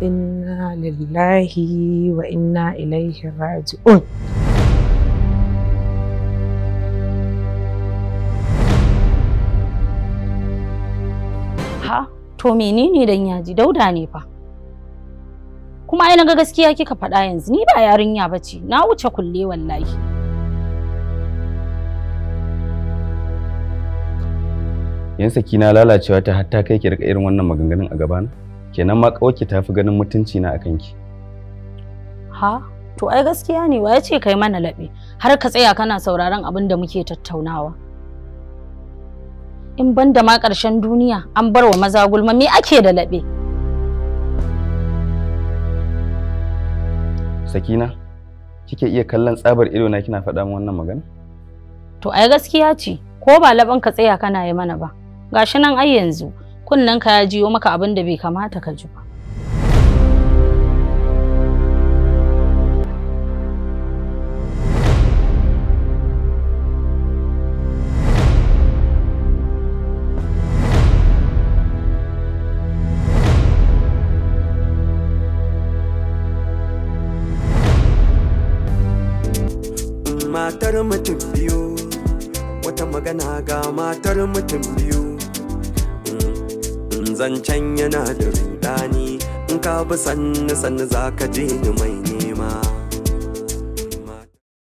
inna lillahi wa inna ilaihi raji'un ha to menene dan yaji dauda ne fa kuma ai naga gaskiya kika faɗa yanzu ni ba yarinya bace na wuce kulle wallahi yan na lalacewa ta hatta kai ki rika irin wannan maganganun a gabana kenan ma kawaki ta fi ganin mutunci na akan ki ha to ai gaskiya ne wa yace kai mana labe har ka tsaya kana sauraron abin da muke tattaunawa in ban da ma ƙarshen duniya an bar wa maza gulma me ake da labe. sakina kike iya kallon tsabar ido na kina faɗa min wannan magana to ai gaskiya ce ko ba laban ka tsaya kana yi mana ba gashi nan ai yanzu kunnen ka ya jiyo maka abin da bai kamata ka ji ba matar mutum biyu wata magana ga matar mutum biyu zancen yana da rudani in ka bi sanna sanna za ka je ni mai ne